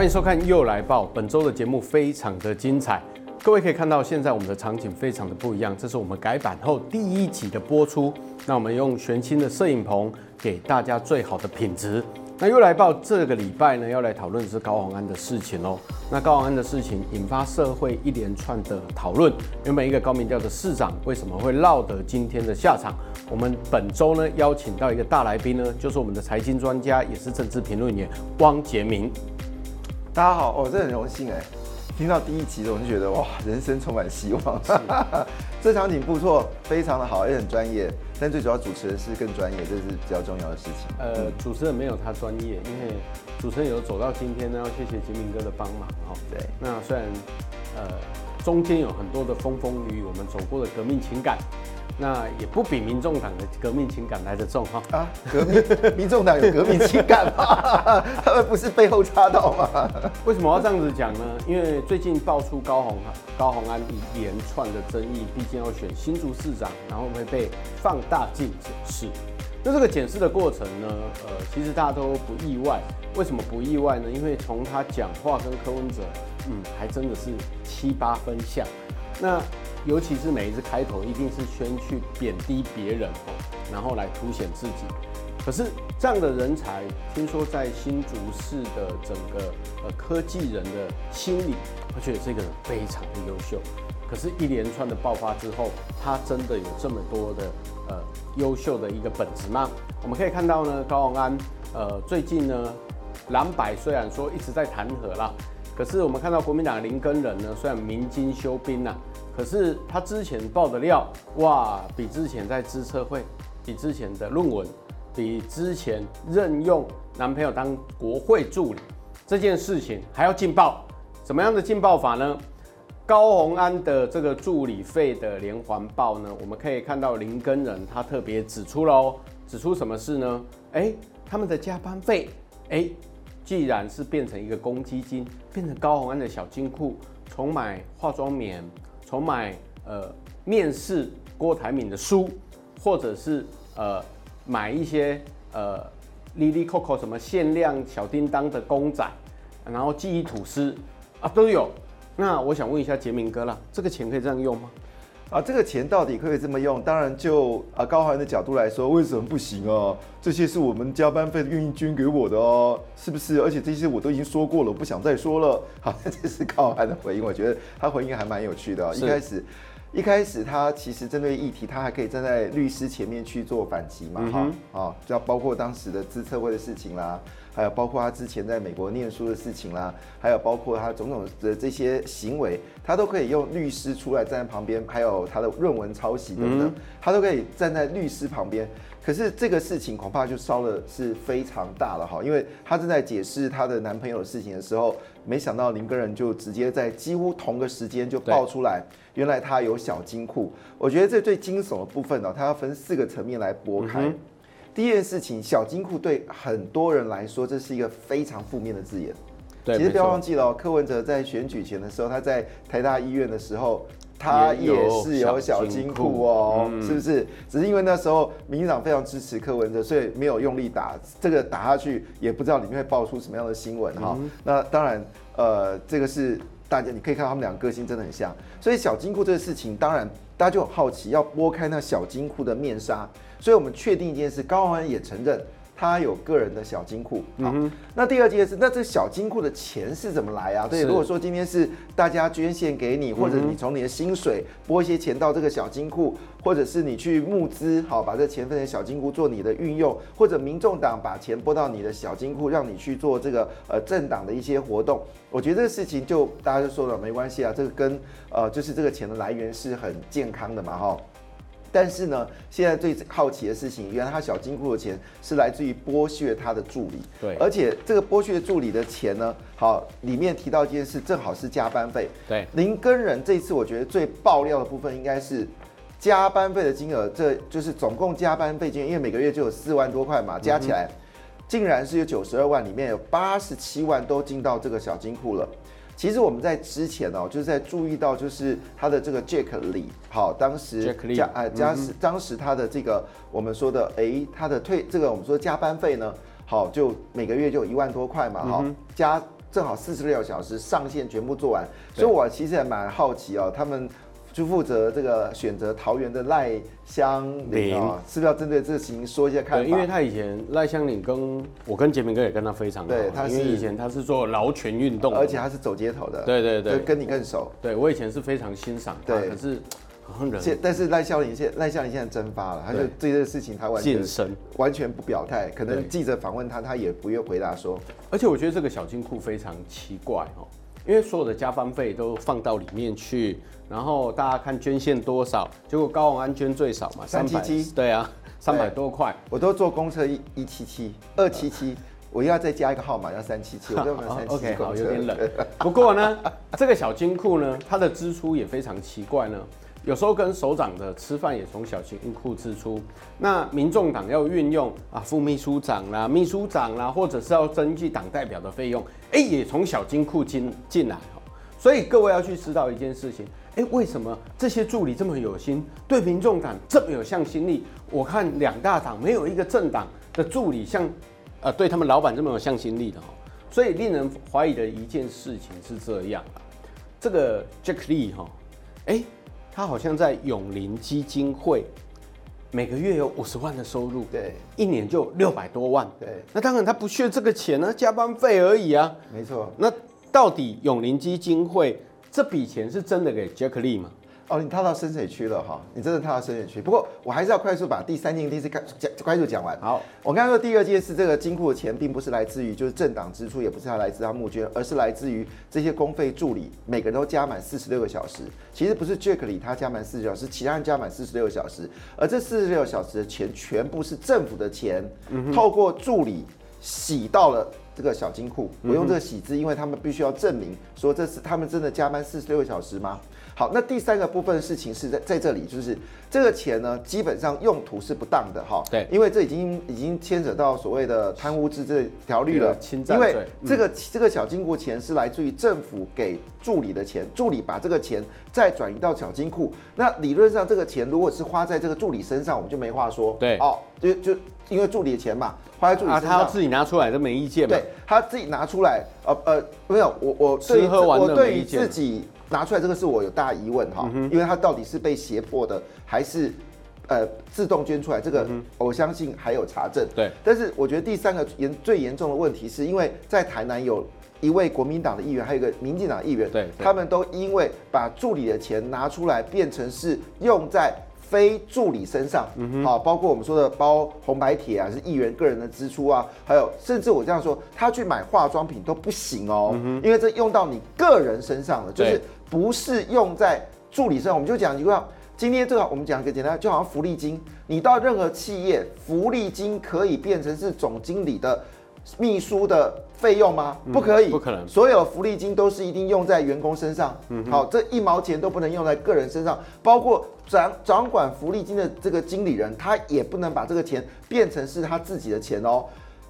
歡迎收看《祐來爆》，本周的節目非常的精彩。各位可以看到，現在我們的場景非常的不一樣，這是我們改版後第一集的播出。那我們用全新的攝影棚，給大家最好的品質。那《祐來爆》這個禮拜呢，要來討論的是高虹安的事情哦。那高虹安的事情引發社會一連串的討論。原本一個高民調的市長，為什麼會落得今天的下場？我們本周呢，邀請到一個大來賓呢，就是我們的財經專家，也是政治評論員汪潔民。大家好，我、哦、這很榮幸哎，聽到第一集的我就覺得哇，人生充滿希望，的 這場景不錯，非常的好，也很專業。但最主要主持人是更專業，這是比較重要的事情。呃，嗯、主持人沒有他專業，因為主持人有走到今天呢，要謝謝金明哥的幫忙哈。對，那雖然呃中間有很多的風風雨雨，我們走過的革命情感。那也不比民眾黨的革命情感來得重哈啊！革命？民眾黨有革命情感嗎？ 他們不是背後插刀嗎？為什麼要這樣子講呢？因為最近爆出高虹高虹安一連串的爭議，畢竟要選新竹市長，然後會被放大鏡檢視。那這個檢視的過程呢，呃，其實大家都不意外。為什麼不意外呢？因為從他講話跟柯文哲，嗯，還真的是七八分像。那尤其是每一次開頭一定是先去貶低別人，然後來凸顯自己。可是這樣的人才，聽說在新竹市的整個呃科技人的心裡，且覺得這個人非常的優秀。可是，一連串的爆發之後，他真的有這麼多的呃優秀的一個本子嗎？我們可以看到呢，高虹安呃最近呢，藍白雖然說一直在談和啦，可是我們看到國民黨林耕仁呢，雖然鳴金收兵啦，啊。可是他之前爆的料哇，比之前在資策會，比之前的論文，比之前任用男朋友當國會助理這件事情還要勁爆。什麼樣的勁爆法呢？高虹安的這個助理費的連環爆呢？我們可以看到林耕仁他特別指出嘍，指出什麼事呢？欸、他們的加班費、欸、既然是變成一個公積金，變成高虹安的小金庫，從買化妝棉。從買呃面試郭台銘的書，或者是呃買一些呃 Lily Coco 什麼限量小叮噹的公仔，然後記憶吐司啊都有。那我想問一下潔民哥啦，這個錢可以這樣用嗎？啊，這個錢到底可以這麼用？當然就，就啊高虹安的角度來說，為什麼不行啊？這些是我們加班費，願意捐給我的哦、啊，是不是？而且這些我都已經說過了，我不想再說了。好，這是高虹安的回應， 我覺得他回應還蠻有趣的。是一開始，一開始他其實針對議題，他還可以站在律師前面去做反擊嘛，哈、嗯、哼啊，就要包括當時的資策會的事情啦。還有包括他之前在美國念書的事情啦，還有包括他種種的這些行為，他都可以用律師出來站在旁邊，還有他的論文抄襲等等，對對嗯、他都可以站在律師旁邊。可是這個事情恐怕就燒的是非常大了哈，因為他正在解釋他的男朋友的事情的時候，沒想到林耕仁就直接在幾乎同個時間就爆出來，原來他有小金庫。對我覺得這最驚悚的部分呢、啊，他要分四個層面來剝開。嗯第一件事情，小金庫對很多人來說，這是一個非常負面的字眼。對，其實不要忘記了，沒錯。柯文哲在選舉前的時候，他在台大醫院的時候，他也是有小金庫哦，嗯、是不是？只是因為那時候民進黨非常支持柯文哲，所以沒有用力打。這個打下去，也不知道裡面會爆出什麼樣的新聞哈。嗯、那當然，呃，這個是大家你可以看到他們兩個個性真的很像，所以小金庫這個事情，當然。大家就很好奇，要撥開那小金庫的面紗，所以我們確定一件事，高虹安也承認。他有個人的小金庫，嗯、哼好，那第二件事，那這小金庫的錢是怎麼來啊？對，是如果說今天是大家捐獻給你，或者你從你的薪水撥一些錢到這個小金庫，或者是你去募資，好，把這錢分成小金庫做你的運用，或者民眾黨把錢撥到你的小金庫，讓你去做這個呃政黨的一些活動，我覺得這個事情就大家就說了，沒關係啊，這個跟呃就是這個錢的來源是很健康的嘛，哈。但是呢，現在最好奇的事情，原來他小金庫的錢是來自於剝削他的助理。對，而且這個剝削助理的錢呢，好，裡面提到一件事，正好是加班費。對，林耕仁這次，我覺得最爆料的部分應該是加班費的金額，這就是總共加班費金額，因為每個月就有四萬多塊嘛，加起來竟然是有九十二萬，裡面有八十七萬都進到這個小金庫了。其實我們在之前哦，就是在注意到，就是他的這個 Jack Lee 好，當時加 Jack Lee 啊，當、嗯、哼時當時他的這個我們說的，哎，他的退這個我們說加班費呢，好，就每個月就一萬多塊嘛，好、嗯哼，加正好四十六小時上線全部做完，對所以我其實還蠻好奇哦，他們。就負責這個選擇桃園的賴香伶，是不是要針對這個事情說一下看法，因為他以前賴香伶跟我跟潔民哥也跟他非常好，對，他是因為以前他是做勞權運動的，而且他是走街頭的，對對對，跟你更熟。對，我以前是非常欣賞，對，可是很人，但是賴香伶現賴現在蒸發了，對他就這件事情他完全完全不表態，身可能記者訪問他，他也不願回答說。而且我覺得這個小金庫非常奇怪因為所有的加班費都放到裡面去，然後大家看捐獻多少，結果高虹安捐最少嘛，三七七，300, 對啊，三百對多塊，我都坐公車一,一七七、二七七，我又要再加一個號碼，要三七七，我就買三七七好 OK，好，有點冷。 不過呢，這個小金庫呢，它的支出也非常奇怪呢。有時候跟首長的吃飯也從小金庫支出。那民眾黨要運用啊，副秘書長啦、秘書長啦，或者是要徵集黨代表的費用，哎、欸，也從小金庫進進來哈。所以各位要去知道一件事情，哎、欸，為什麼這些助理這麼有心，對民眾黨這麼有向心力？我看兩大黨沒有一個政黨的助理像，呃，對他們老板這麼有向心力的哈。所以令人懷疑的一件事情是這樣，這個 Jack Lee 哈、欸，他好像在永齡基金會，每個月有五十萬的收入，對，一年就六百多萬，對。那當然他不缺這個錢呢、啊，加班費而已啊，沒錯。那到底永齡基金會這筆錢是真的給傑克利嗎？哦，你踏到深水區了哈，你真的踏到深水區。不過我還是要快速把第三件、第一次快快速講完。好，我剛才說第二件事，這個金庫的錢，並不是來自於就是政黨支出，也不是它來自他募捐，而是來自於這些公費助理，每個人都加滿四十六個小時。其實不是 Jack Lee 他加滿四十小時，其他人加滿四十六小時，而這四十六小時的錢全部是政府的錢，嗯、哼透過助理洗到了這個小金庫。我用這個洗“洗、嗯哼”字，因為他們必須要證明說這是他們真的加班四十六小時嗎？好，那第三個部分事情是在在這裡，就是這個錢呢，基本上用途是不當的哈。對，因為這已經已經牽扯到所謂的貪污治罪條例了，侵佔。因為這個、嗯、這個小金庫錢是來自於政府給助理的錢，助理把這個錢再轉移到小金庫。那理論上，這個錢如果是花在這個助理身上，我們就沒話說。對，哦，就就因為助理的錢嘛，花在助理身上，啊、他要自己拿出來都沒意見嘛。對，他自己拿出來，呃呃，沒有，我我我對於自己。拿出來這個是我有大疑問哈，嗯、哼因為他到底是被脅迫的，還是呃自動捐出來？這個、嗯、哼我相信還有查證。對，但是我覺得第三個嚴最嚴重的問題，是因為在台南有一位國民黨的議員，還有一個民進黨議員，對，對他們都因為把助理的錢拿出來，變成是用在非助理身上。嗯好哼、啊，包括我們說的包紅白帖啊，是議員個人的支出啊，還有甚至我這樣說，他去買化妝品都不行哦、喔，嗯、哼因為這用到你個人身上了，對就是，不是用在助理身上，我們就講一句話。今天這個我們講一個簡單，就好像福利金，你到任何企業，福利金可以變成是總經理的、秘書的費用嗎？不可以，不可能。所有福利金都是一定用在員工身上。好，這一毛錢都不能用在個人身上，包括掌掌管福利金的這個經理人，他也不能把這個錢變成是他自己的錢哦。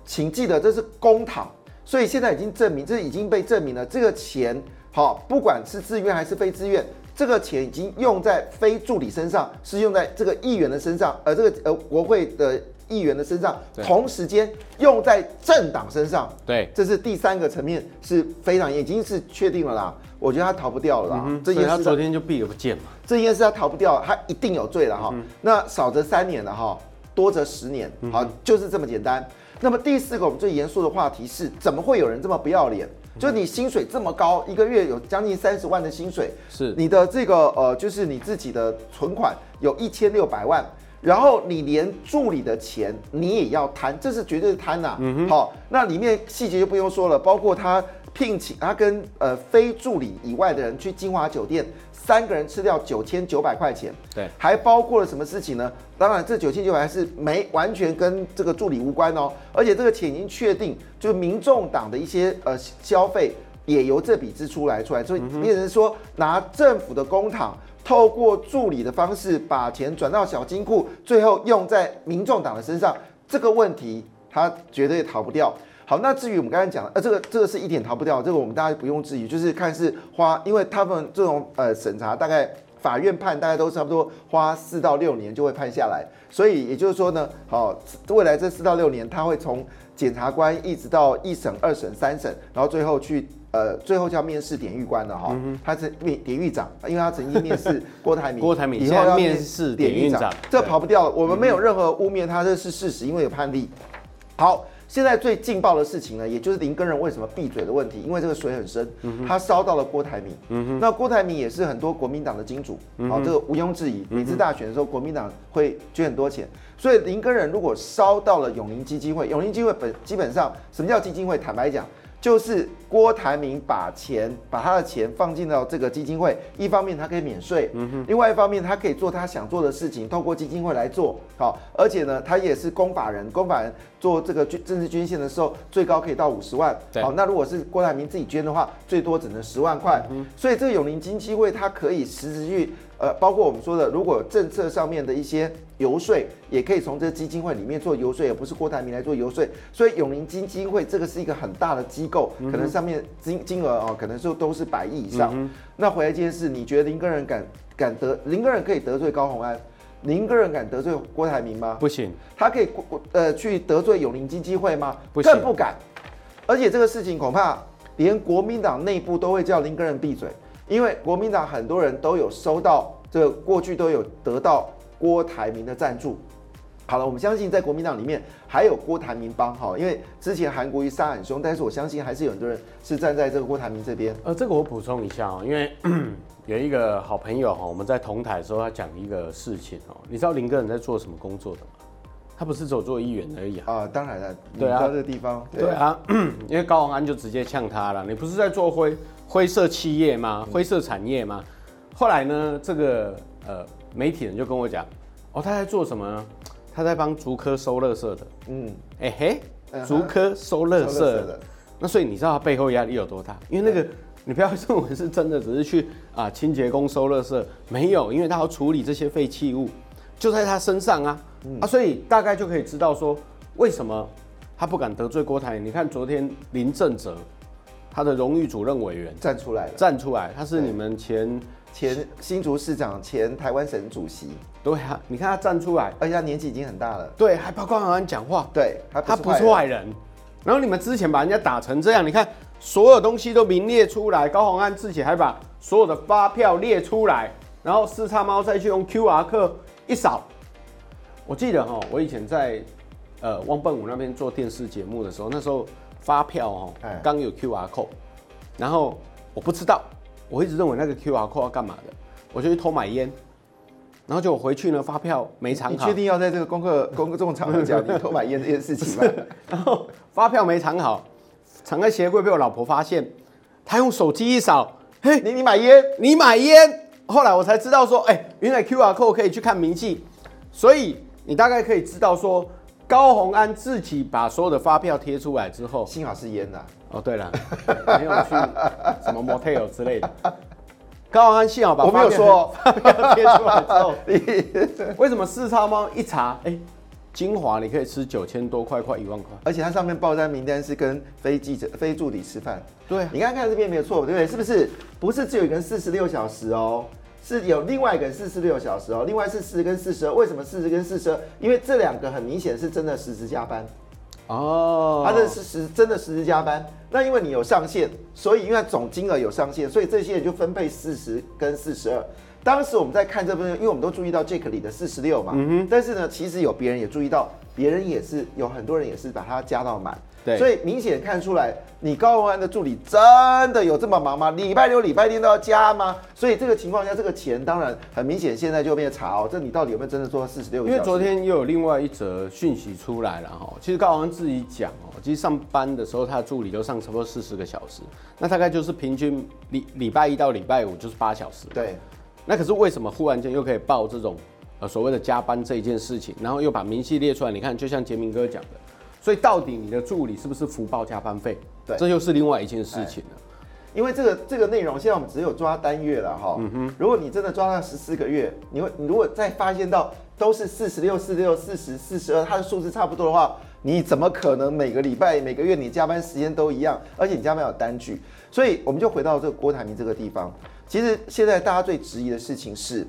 請記得這是公帑。所以現在已經證明，這已經被證明了，這個錢。好，不管是自願還是非自願，這個錢已經用在非助理身上，是用在這個議員的身上，而、呃、這個呃，國會的議員的身上，同時間用在政黨身上。對，這是第三個層面，是非常已經是確定了啦。我覺得他逃不掉了啦，嗯、哼這件事。所以他昨天就避而不見嘛。這件事他逃不掉了，他一定有罪了哈、哦。嗯、哼那少則三年了哈、哦，多則十年。嗯、哼好，就是這麼簡單。那麼第四個我們最嚴肅的話題是，怎麼會有人這麼不要臉？就你薪水這麼高，一個月有將近三十萬的薪水，是你的這個呃，就是你自己的存款有一千六百萬，然後你連助理的錢你也要貪，這是絕對貪吶、啊。好、嗯哼哦，那裡面細節就不用說了，包括他聘請他跟呃非助理以外的人去金華酒店。三個人吃掉九千九百塊錢，對，還包括了什麼事情呢？當然，這九千九百是沒完全跟這個助理無關哦，而且這個錢已經確定，就民眾黨的一些呃消費也由這筆支出來出來，所以變成說，嗯、哼拿政府的公帑透過助理的方式把錢轉到小金庫，最後用在民眾黨的身上，這個問題他絕對也逃不掉。好，那至於我們剛才講的，呃，這個這個是一點逃不掉的，這個我們大家不用質疑，就是看是花，因為他們這種呃審查，大概法院判大概都差不多花四到六年就會判下來，所以也就是說呢，好、哦，未來這四到六年，他會從檢察官一直到一審、二審、三審，然後最後去呃，最後叫面試典獄官了哈，哦嗯、哼他是面典獄長，因為他曾經面試郭台銘， 郭台銘以後要面試典獄長，對這跑不掉了，我們沒有任何汙衊他，他這是事實，因為有判例。好。現在最勁爆的事情呢，也就是林耕仁為什麼閉嘴的問題，因為這個水很深，他燒到了郭台銘，嗯、哼那郭台銘也是很多國民黨的金主，啊、嗯、哼這個毋庸置疑，每次大選的時候，國民黨會捐很多錢，所以林耕仁如果燒到了永齡基金會，永齡基金會本基本上什麼叫基金會？坦白講。就是郭台銘把錢，把他的錢放進到這個基金會，一方面他可以免稅，嗯、哼另外一方面他可以做他想做的事情，透過基金會來做好，而且呢，他也是公法人，公法人做這個捐政治捐獻的時候，最高可以到五十萬，對好，那如果是郭台銘自己捐的話，最多只能十萬塊，嗯、哼所以這個永寧金金會它可以實質去，呃，包括我們說的，如果有政策上面的一些。遊說也可以從這個基金會裡面做遊說，也不是郭台銘來做遊說。所以永齡基金會這個是一個很大的機構，嗯、哼可能上面金金額啊、哦，可能就都是百億以上。嗯、哼那回來這件事，你覺得林耕仁敢敢得林耕仁可以得罪高虹安，林耕仁敢得罪郭台銘嗎？不行。他可以呃去得罪永齡基金會嗎？不行更不敢。而且這個事情恐怕連國民黨內部都會叫林耕仁閉嘴，因為國民黨很多人都有收到，這個、過去都有得到。郭台銘的贊助，好了，我們相信在國民黨裡面還有郭台銘幫哈，因為之前韓國瑜殺很凶，但是我相信還是有很多人是站在這個郭台銘這邊。呃，這個我補充一下哦、喔，因為有一個好朋友哈、喔，我們在同台的時候他講一個事情哦、喔，你知道林耕仁在做什麼工作的嗎？他不是只有做議員而已啊，呃、當然了。對啊，這個地方。對啊，因為高虹安就直接嗆他了，你不是在做灰灰色企業嗎？灰色產業嗎？後來呢，這個呃。媒體人就跟我講，哦，他在做什麼呢？他在幫竹科收垃圾的。嗯、欸，嘿，竹、uh huh, 科收垃，收垃圾的。那所以你知道他背後壓力有多大？因為那個，對你不要認為是真的，只是去啊清潔工收垃圾，沒有，因為他要處理這些廢棄物，就在他身上啊、嗯、啊，所以大概就可以知道說，為什麼他不敢得罪郭台。你看昨天林政則他的榮譽主任委員站出來，站出來，他是你們前對。前前新竹市長、前台灣省主席，對啊，你看他站出來，而且他年紀已經很大了，對，還幫高虹安講話，對，他不是壞人。然後你們之前把人家打成這樣，你看所有東西都名列出來，高虹安自己還把所有的發票列出來，然後四叉貓再去用 QR code 一掃。我記得哈、喔，我以前在呃汪笨湖那邊做電視節目的時候，那時候發票哦、喔，剛唉有 QR code，然後我不知道。我一直認為那個 QR Code 要幹嘛的，我就去偷買煙，然後就我回去呢，發票沒藏好。你確定要在這個公課、公眾場合講你偷買煙這件事情嗎？ 然後發票沒藏好，藏在鞋櫃被我老婆發現，她用手機一掃，嘿，你你買煙，你買煙。後來我才知道說，哎、欸，原來 QR Code 可以去看明細，所以你大概可以知道說，高虹安自己把所有的發票貼出來之後，幸好是煙的、啊。哦，oh, 對了，沒有去什麼 motel 之類的。高安幸好把我沒有說，貼出來之後，你為什麼四超貓一查，哎，精華你可以吃九千多塊，塊，快一萬塊，而且它上面報單名單是跟非記者、非助理吃飯。對、啊，你剛剛看這邊沒有錯，對不對？是不是？不是只有一個四十六小時哦，是有另外一個四十六小時哦，另外是四十跟四十二，為什麼四十跟四十二？因為這兩個很明顯是真的實時加班。哦，他認、oh. 啊、是實真的實時加班，那因為你有上限，所以因為總金額有上限，所以這些也就分配四十跟四十二。當時我們在看這部分，因為我們都注意到 Jack 裡的四十六嘛，mm hmm. 但是呢，其實有別人也注意到，別人也是有很多人也是把它加到滿。對所以明顯看出來，你高文安的助理真的有這麼忙嗎？禮拜六、禮拜天都要加嗎？所以這個情況下，這個錢當然很明顯，現在就被查，哦，這你到底有沒有真的做到四十六？因為昨天又有另外一則訊息出來了哈，然後其實高虹安自己講哦，其實上班的時候他的助理就上差不多四十個小時，那大概就是平均禮禮拜一到禮拜五就是八小時。對，那可是為什麼忽然間又可以報這種呃所謂的加班這一件事情，然後又把明細列出來？你看，就像潔民哥講的。所以到底你的助理是不是浮報加班費？對，這又是另外一件事情了。哎、因為這個這個內容現在我們只有抓單月了哈、哦。嗯哼，如果你真的抓到十四個月，你會你如果再發現到都是四十六、四十六、四十、四十二，它的數字差不多的話，你怎麼可能每個禮拜、每個月你加班時間都一樣，而且你加班有單據？所以我們就回到這個郭台銘這個地方。其實現在大家最質疑的事情是，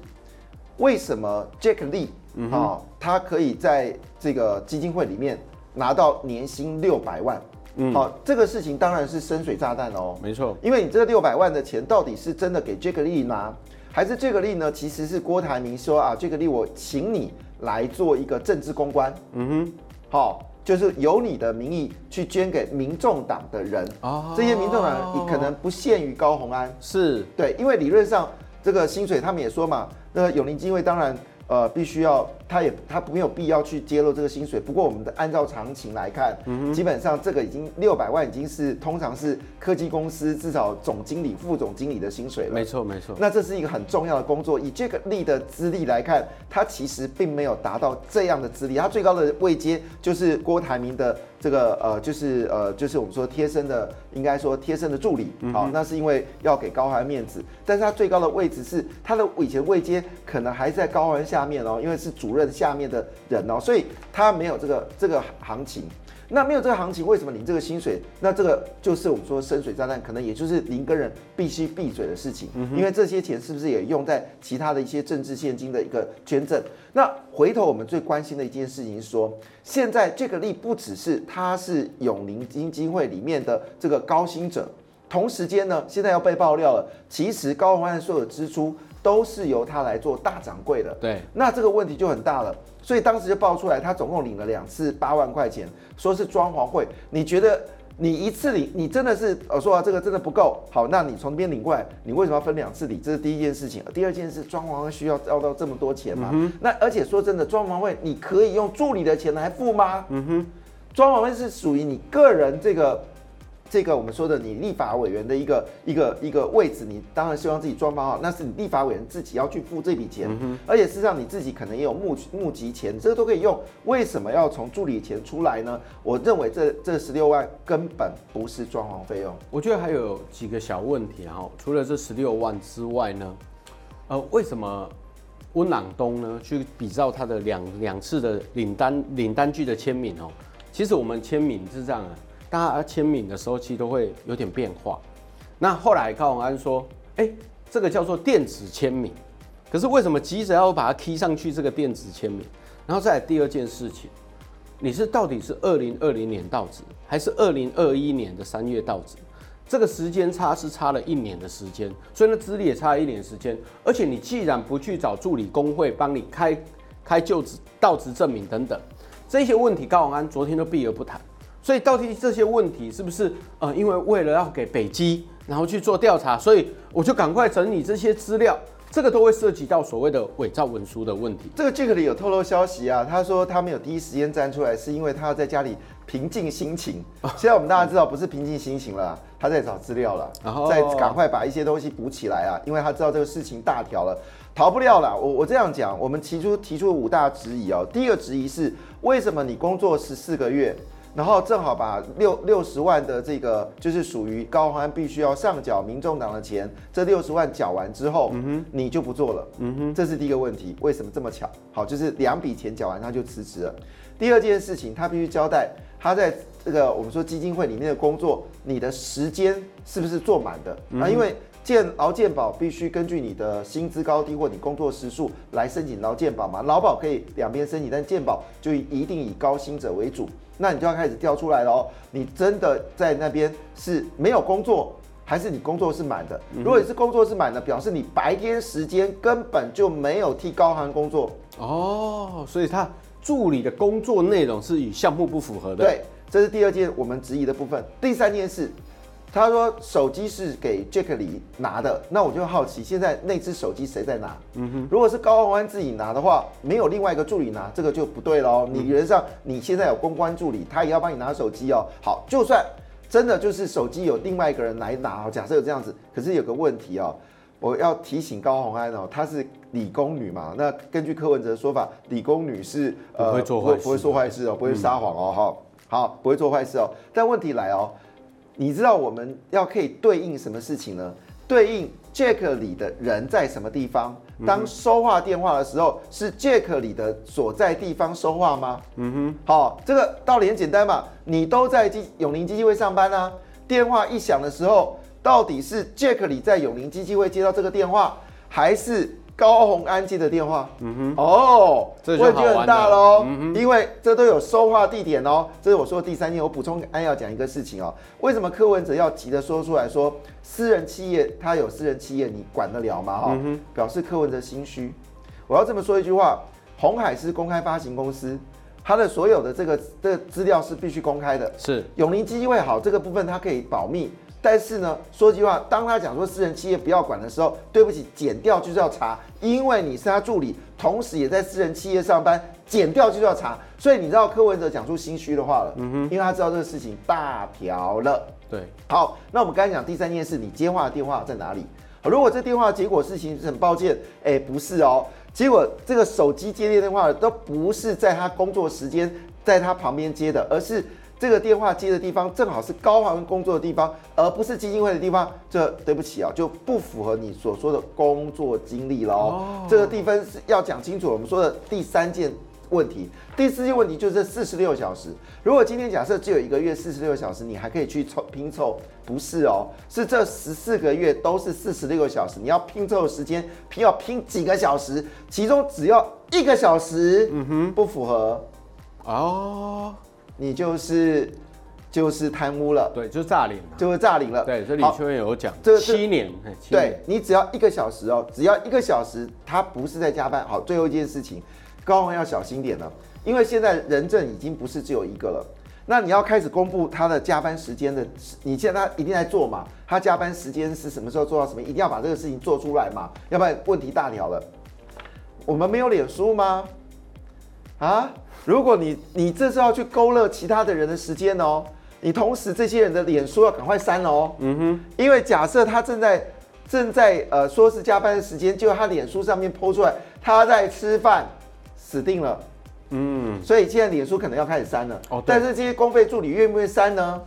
為什麼 Jack Lee 啊、嗯哼哦，他可以在這個基金會裡面？拿到年薪六百萬，嗯，好、哦，這個事情當然是深水炸彈哦，沒錯錯，因為你這個六百萬的錢到底是真的給傑克利拿，還是傑克利呢？其實是郭台銘說啊，傑克利我請你來做一個政治公關，嗯哼，好、哦，就是由你的名義去捐給民眾黨的人啊，哦、這些民眾黨你可能不限於高虹安，是對，因為理論上這個薪水他們也說嘛，那個、永齡基金會當然呃必須要。他也他沒有必要去揭露這個薪水，不過我們的按照常情來看，基本上這個已經六百萬已經是通常是科技公司至少總經理、副總經理的薪水了。沒錯沒錯。那這是一個很重要的工作，以這個力的資歷來看，他其實並沒有達到這樣的資歷，他最高的位階就是郭台銘的這個呃就是呃就是我們說貼身的應該說貼身的助理，好，那是因為要給高虹安面子，但是他最高的位置是他的以前位階可能還在高虹安下面哦，因為是主任。下面的人哦，所以他沒有這個這個行情，那沒有這個行情，為什麼領這個薪水？那這個就是我們說深水炸彈，可能也就是林耕仁必須閉嘴的事情，嗯、哼因為這些錢是不是也用在其他的一些政治獻金的一個捐贈？那回頭我們最關心的一件事情是說，現在這個力不只是他是永齡基金會裡面的這個高薪者，同時間呢，現在要被爆料了，其實高虹安所有支出。都是由他來做大掌櫃的，對，那這個問題就很大了，所以當時就爆出來，他總共領了兩次八萬塊錢，說是裝潢費，你覺得你一次領，你真的是我、呃、說啊，這個真的不夠，好，那你從那邊領過來，你為什麼要分兩次領？這是第一件事情，第二件事裝潢費需要要到這麼多錢嘛，嗯、哼那而且說真的，裝潢費你可以用助理的錢來付嗎？嗯哼，裝潢費是屬於你個人這個。這個我們說的，你立法委員的一個一個一個位置，你當然希望自己裝潢好。那是你立法委員自己要去付這筆錢，嗯、哼而且事實上你自己可能也有募募集錢，這個都可以用。為什麼要從助理錢出來呢？我認為這這十六萬根本不是裝潢費用。我覺得還有幾個小問題啊，哈，除了這十六萬之外呢，呃，為什麼溫朗東呢去比照他的兩兩次的領單領單據的簽名哦？其實我們簽名是這樣的、啊。大家簽名的時候，其實都會有點變化。那後來高虹安說：“哎、欸，這個叫做電子簽名，可是為什麼急着要把它貼上去這個電子簽名？然後再來第二件事情，你是到底是二零二零年到職，還是二零二一年的三月到職？這個時間差是差了一年的時間，所以呢資歷也差了一年時間。而且你既然不去找助理工會幫你開開就職到職證明等等這些問題，高虹安昨天都避而不談。”所以到底這些問題是不是呃？因為為了要給北檢，然後去做調查，所以我就趕快整理這些資料。這個都會涉及到所謂的偽造文書的問題。這個杰克里有透露消息啊，他說他沒有第一時間站出來，是因為他要在家裡平靜心情。現在我們大家知道不是平靜心情了， 他在找資料了，然後再趕快把一些東西補起來啊，因為他知道這個事情大條了，逃不了了。我我這樣講，我們提出提出五大質疑哦、喔。第一個質疑是為什麼你工作十四個月？然後正好把六六十萬的這個就是屬於高虹安必須要上繳民眾黨的錢，這六十萬繳完之後，嗯、哼你就不做了，嗯、哼這是第一個問題，為什麼這麼巧？好，就是兩筆錢繳完他就辭職了。第二件事情，他必須交代他在這個我們說基金會裡面的工作，你的時間是不是做滿的啊？嗯、哼因為。建勞健保必須根據你的薪資高低或你工作時數來申請勞健保嘛，勞保可以兩邊申請，但健保就一定以高薪者為主。那你就要開始跳出來咯。你真的在那邊是沒有工作，還是你工作是滿的？嗯哼。如果你是工作是滿的，表示你白天時間根本就沒有替高虹安工作哦。所以他助理的工作內容是與項目不符合的。嗯。對，這是第二件我們質疑的部分。第三件事。他說手機是給 Jack 里拿的，那我就好奇，現在那支手機誰在拿？嗯哼，如果是高虹安自己拿的話，沒有另外一個助理拿，這個就不對嘍。你人上、嗯、你現在有公關助理，他也要幫你拿手機哦。好，就算真的就是手機有另外一個人來拿，假設有這樣子，可是有個問題哦，我要提醒高虹安哦，她是理工女嘛，那根據柯文哲的說法，理工女是呃不會做壞事、呃、事哦，不會撒謊哦、嗯、哦，好，不會做壞事哦，但問題來哦。你知道我們要可以對應什麼事情呢？對應杰克裡的人在什麼地方？當收話電話的時候，是杰克裡的所在地方收話嗎？嗯哼，好、哦，這個道理很簡單嘛。你都在機永齡基金會上班啊？電話一響的時候，到底是杰克裡在永齡基金會接到這個電話，還是？高虹安記的電話，嗯哼，哦，問題很大嘍，嗯、哼因為這都有收話地點哦。這是我說的第三點，我補充，安要講一個事情哦。為什麼柯文哲要急着說出來說，私人企業他有私人企業，你管得了嗎？哈、嗯哼，表示柯文哲心虛。我要這麼說一句話，鴻海是公開發行公司，他的所有的這個的、這個、資料是必須公開的。是永齡基金會好這個部分，它可以保密。但是呢，說句話，當他講說私人企業不要管的時候，對不起，剪掉就是要查，因為你是他助理，同時也在私人企業上班，剪掉就是要查，所以你知道柯文哲講出心虛的話了，嗯哼，因為他知道這個事情大條了。對，好，那我們剛才講第三件事，你接話的電話在哪裡？如果這電話結果的事情是很抱歉，哎，不是哦，結果這個手機接電話都不是在他工作時間，在他旁邊接的，而是。這個電話接的地方正好是高虹安工作的地方，而不是基金會的地方。這對不起啊、哦，就不符合你所說的工作經歷嘍。哦。這個地方是要講清楚，我們說的第三件問題，第四件問題就是四十六小時。如果今天假設只有一個月四十六小時，你還可以去湊拼湊，不是哦，是這十四個月都是四十六小時。你要拼湊的時間，拼要拼幾個小時？其中只要一個小時，嗯哼，不符合，哦。你就是就是貪污了，對，就詐領、啊、領了，就是詐領了。對，所以李好這裡確實有講，這七年，對，年你只要一個小時哦，只要一個小時，他不是在加班。好，最後一件事情，高虹安要小心點了，因為現在人證已經不是只有一個了。那你要開始公布他的加班時間的，你現在他一定在做嘛？他加班時間是什麼時候做到什麼？一定要把這個事情做出來嘛？要不然問題大條了。我們沒有臉書嗎？啊？如果你你這是要去勾勒其他的人的時間哦，你同時這些人的臉書要趕快刪哦，嗯哼，因為假設他正在正在呃說是加班的時間，就他臉書上面 po 出來他在吃飯，死定了，嗯，嗯，所以現在臉書可能要開始刪了，哦，但是這些公費助理願不願意刪呢？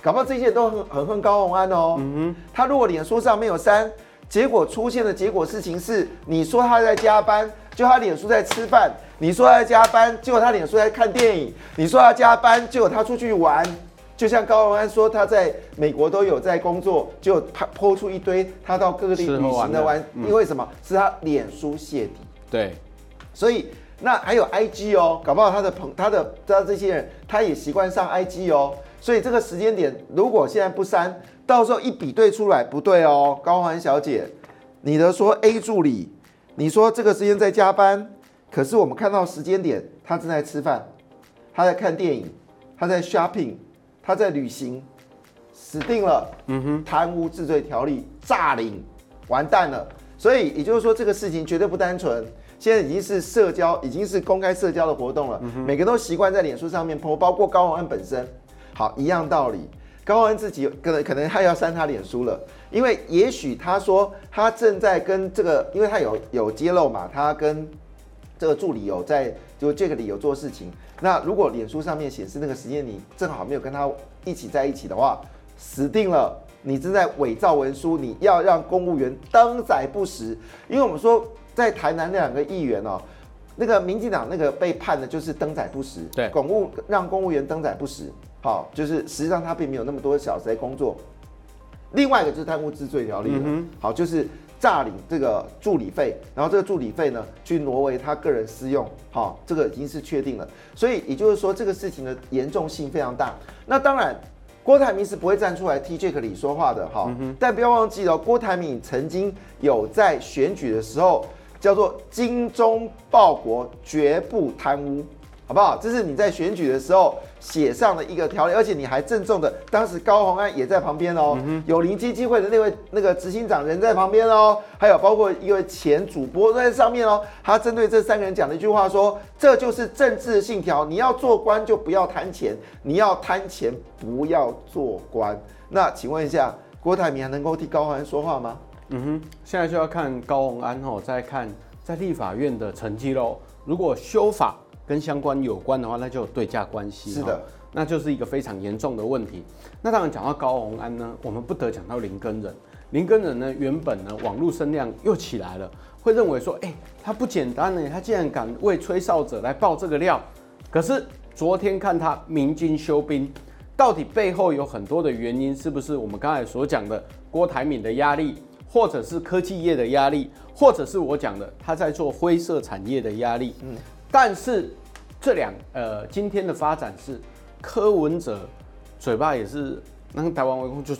搞不好這些人都很很恨高虹安哦，嗯哼，他如果臉書上沒有刪，結果出現的結果事情是你說他在加班。就他臉書在吃飯，你說他在加班。結果他臉書在看電影，你說他加班。結果他出去玩。就像高虹安說他在美國都有在工作，就他 po 出一堆他到各地旅行的玩。嗯、因為什麼？是他臉書洩底。對，所以那還有 IG 哦，搞不好他的朋、他的、他的知道這些人，他也習慣上 IG 哦。所以這個時間點，如果現在不刪，到時候一比對出來不對哦，高虹小姐，你的說 A 助理。你說這個時間在加班，可是我們看到時間點，他正在吃飯，他在看電影，他在 shopping，他在旅行，死定了。嗯哼，貪污治罪條例詐領，完蛋了。所以也就是說，這個事情絕對不單純。現在已經是社交，已經是公開社交的活動了。嗯、哼每個人都習慣在臉書上面，包括高虹安本身，好，一樣道理。高虹安自己可能可能他要刪他臉書了。因為也許他說他正在跟這個，因為他有有揭露嘛，他跟這個助理有在就這個理由裡有做事情。那如果臉書上面顯示那個時間你正好沒有跟他一起在一起的話，死定了！你正在偽造文書，你要讓公務員登載不實。因為我們說在台南那兩個議員哦，那個民進黨那個被判的就是登載不實，對，公務讓公務員登載不實，好，哦，就是實際上他並沒有那麼多小時工作。另外一個就是貪污治罪條例，嗯、哼好，就是詐領這個助理費，然後這個助理費呢，去挪為他個人私用，好、哦，這個已經是確定了，所以也就是說這個事情的嚴重性非常大。那當然，郭台銘是不會站出來替 Jack 李說話的，哈、哦，嗯、哼但不要忘記了、哦，郭台銘曾經有在選舉的時候叫做精忠報國，絕不貪污，好不好？這是你在選舉的時候。寫上了一個條例，而且你還鄭重的，當時高虹安也在旁邊哦，嗯、哼有林基機，機會的那位那個執行長人在旁邊哦，還有包括一位前主播在上面哦，他針對這三個人講了一句話說，這就是政治信條，你要做官就不要貪錢，你要貪錢不要做官。那請問一下，郭台銘還能夠替高虹安說話嗎？嗯哼，現在就要看高虹安哦，再看在立法院的成績嘍，如果修法。跟相關有關的話，那就有對價關係喔。是的，那就是一個非常嚴重的問題。那當然講到高虹安呢，我們不得講到林耕仁。林耕仁呢，原本呢網絡聲量又起來了，會認為說，哎，他不簡單呢、欸，他竟然敢為吹哨者來爆這個料。可是昨天看他鳴金收兵，到底背後有很多的原因，是不是我們剛才所講的郭台銘的壓力，或者是科技業的壓力，或者是我講的他在做灰色產業的壓力？嗯，但是。這兩呃，今天的發展是柯文哲嘴巴也是，那個台灣文攻就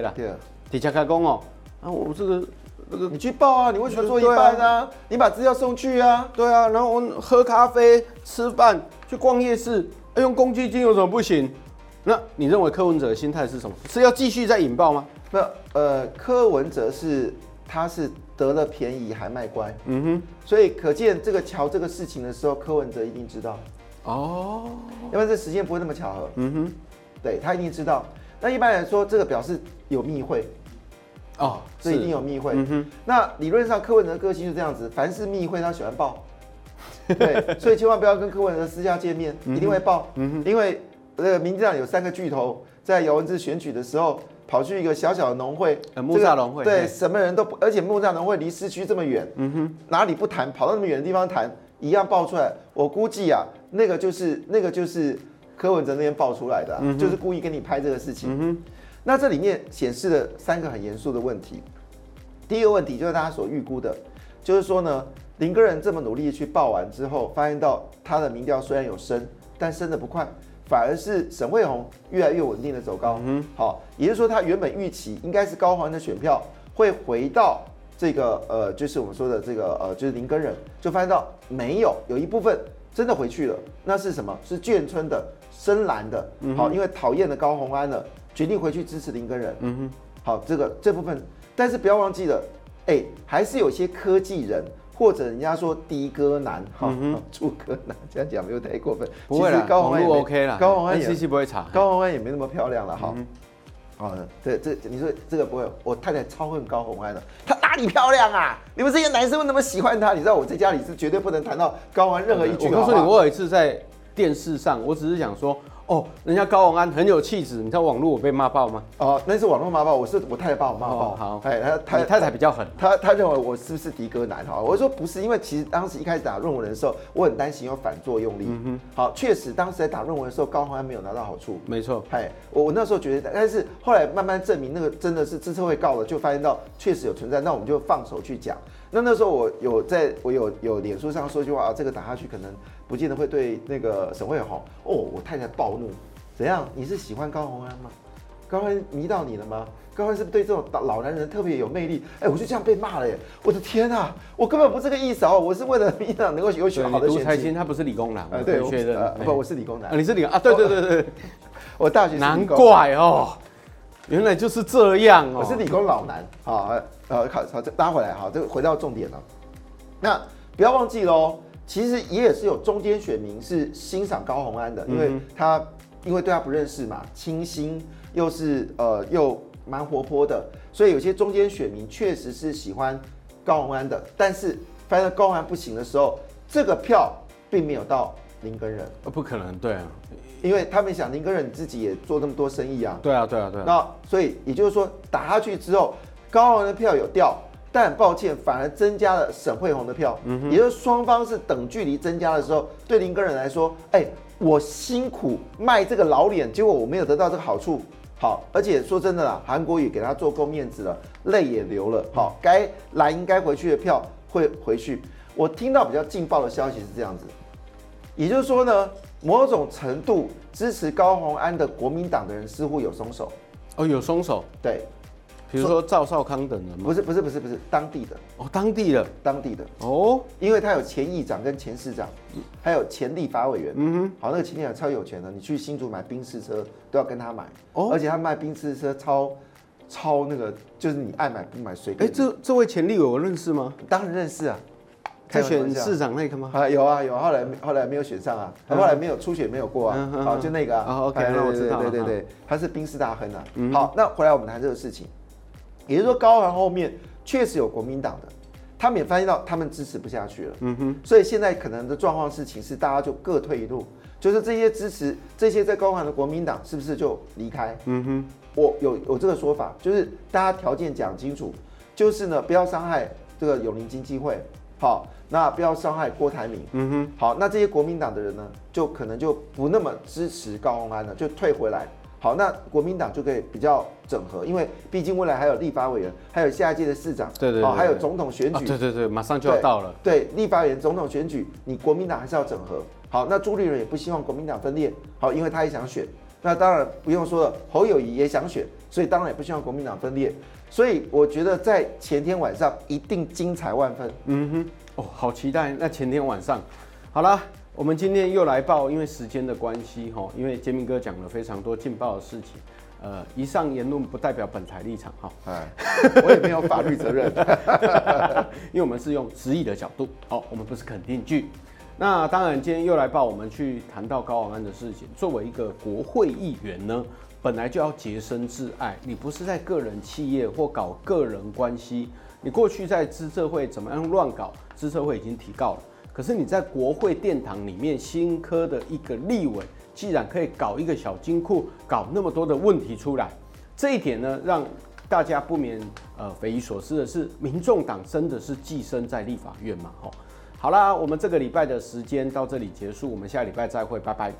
啦。A 了、啊，底下開工哦，啊，我這個那、這個你去報啊，你為什麼做一半啊？啊你把資料送去啊，對啊，然後我們喝咖啡、吃飯、去逛夜市，哎、用公積金有什麼不行？那你認為柯文哲的心態是什麼？是要繼續再引爆嗎？那，呃，柯文哲是他是。得了便宜還賣乖，嗯哼，所以可見這個橋這個事情的時候，柯文哲一定知道，哦，要不然這時間不會那麼巧合，嗯哼，對他一定知道。那一般來說，這個表示有密會，哦，所以一定有密會、嗯哼。那理論上，柯文哲的個性是這樣子，凡是密會他喜歡爆、嗯、哼對，所以千萬不要跟柯文哲私下見面、嗯哼，一定會爆、嗯、哼因為這個名字上有三個巨頭在姚文智選舉的時候。跑去一個小小的農會，木柵農會，對，什麼人都不，而且木柵農會離市區這麼遠，嗯哼，哪裡不談，跑到那麼遠的地方談，一樣爆出來。我估計啊，那個就是那個就是柯文哲那邊爆出來的，就是故意跟你拍這個事情。嗯哼，那這裡面顯示了三個很嚴肅的問題，第一個問題就是大家所預估的，就是說呢，林耕仁這麼努力去爆完之後，發現到他的民調雖然有升，但升的不快。反而是沈慧虹越來越穩定的走高，好，也就是說他原本預期應該是高虹安的選票會回到這個呃，就是我們說的這個呃，就是林耕仁，就發現到沒有，有一部分真的回去了，那是什麼？是眷村的深藍的，好，因為討厭的高虹安了，決定回去支持林耕仁，嗯好，這個這部分，但是不要忘記了，哎，還是有些科技人。或者人家說低哥男哈，朱哥、嗯、哼男這樣講沒有太過分。不會了高虹安 OK，高虹安 C C 不會差。嗯、高虹安也沒那麼漂亮了哈。啊，這這你說這個不會，我太太超恨高虹安的，她哪裡漂亮啊？你們這些男生為什麼喜歡她？你知道我在家裡是絕對不能談到高虹安任何一句好好、嗯。我告訴你，我有一次在電視上，我只是想說。哦，人家高虹安很有氣質。你知道網絡我被罵爆嗎？哦，那是網絡罵爆，我是我太太把我罵爆，哦。好，哎，欸，他太太比較狠，他他認為我是不是敵哥男哈？我說不是，因為其實當時一開始打論文的時候，我很擔心有反作用力。嗯哼。好，確實當時在打論文的時候，高虹安沒有拿到好處。沒錯。哎，欸，我我那時候覺得，但是後來慢慢證明那個真的是支撐會告了，就發現到確實有存在，那我們就放手去講。那那時候我有在我有有臉書上說一句話啊，這個打下去可能。不見得會對那個沈慧虹哦！我太太暴怒，怎樣？你是喜歡高虹安嗎？高虹安迷到你了嗎？高虹安是不是對這種老男人特別有魅力？哎，我就這樣被罵了耶！我的天啊，我根本不是這個意思哦，我是為了院長能夠有選好的吳才他不是理工男，呃，對，不，我是理工男，你是理工啊？對對對對，我大學難怪哦，原來就是這樣哦，我是理工老男好，呃，好，好，拉回來哈，就回到重點了。那不要忘記嘍。其實也也是有中間選民是欣賞高虹安的，因為他因為對他不認識嘛，清新又是呃又蠻活潑的，所以有些中間選民確實是喜歡高虹安的。但是發現高虹安不行的時候，這個票並沒有到林耕仁，不可能，對啊，因為他們想林耕仁自己也做那麼多生意啊，對啊對啊對啊，那所以也就是說打下去之後，高虹安的票有掉，但很抱歉，反而增加了沈慧虹的票，嗯哼，也就是雙方是等距離增加的時候，對林耕仁來說，哎、欸，我辛苦賣這個老臉，結果我沒有得到這個好處，好，而且說真的啦，韓國瑜給他做夠面子了，淚也流了，好，該來應該回去的票會回去。我聽到比較勁爆的消息是這樣子，也就是說呢，某種程度支持高虹安的國民黨的人似乎有鬆手，哦，有鬆手，對。比如說趙少康等人嗎？不是不是不是不是當地的哦，當地的當地的哦，因為他有前議長跟前市長，還有前立法委員。嗯哼，好，那個前立法委員超有錢的，你去新竹買賓士車都要跟他買。哦，而且他賣賓士車超超那個，就是你愛買不買隨便。哎，這這位前立委我認識嗎？當然認識啊，他選市長那個嗎？有啊有，後來後來沒有選上啊，後來沒有初選沒有過啊。好，就那個啊。好，OK，那我知道。對對對，他是賓士大亨啊。好，那回來我們談這個事情。也就是說，高虹安後面確實有國民黨的，他們也發現到他們支持不下去了，嗯哼，所以現在可能的狀況是，其實大家就各退一路。就是這些支持這些在高虹安的國民黨是不是就離開？嗯哼，我有有這個說法，就是大家條件講清楚，就是呢不要傷害這個永齡基金會，好，那不要傷害郭台銘，嗯哼，好，那這些國民黨的人呢，就可能就不那麼支持高虹安了，就退回來。好，那國民黨就可以比較整合，因為畢竟未來還有立法委員，還有下一屆的市長，對對，對，對，哦，還有總統選舉，哦，對對對，馬上就要到了。對，對，立法委員、總統選舉，你國民黨還是要整合。好，那朱立倫也不希望國民黨分裂，好，因為他也想選。那當然不用說了，侯友宜也想選，所以當然也不希望國民黨分裂。所以我覺得在前天晚上一定精彩萬分。嗯哼，哦，好期待。那前天晚上，好啦。我們今天又來報，因為時間的關係，因為潔民哥講了非常多勁爆的事情，呃，以上言論不代表本台立場，哈、哎，我也沒有法律責任， 因為我們是用質疑的角度，好，我們不是肯定句。那當然，今天又來報，我們去談到高虹安的事情。作為一個國會議員呢，本來就要潔身自愛，你不是在個人企業或搞個人關係，你過去在資策會怎麼樣亂搞，資策會已經提告了。可是你在國會殿堂裡面，新科的一個立委，既然可以搞一個小金庫，搞那麼多的問題出來，這一點呢，讓大家不免呃匪夷所思的是，民眾黨真的是寄生在立法院嗎？哦，好啦，我們這個禮拜的時間到這裡結束，我們下禮拜再會，拜拜。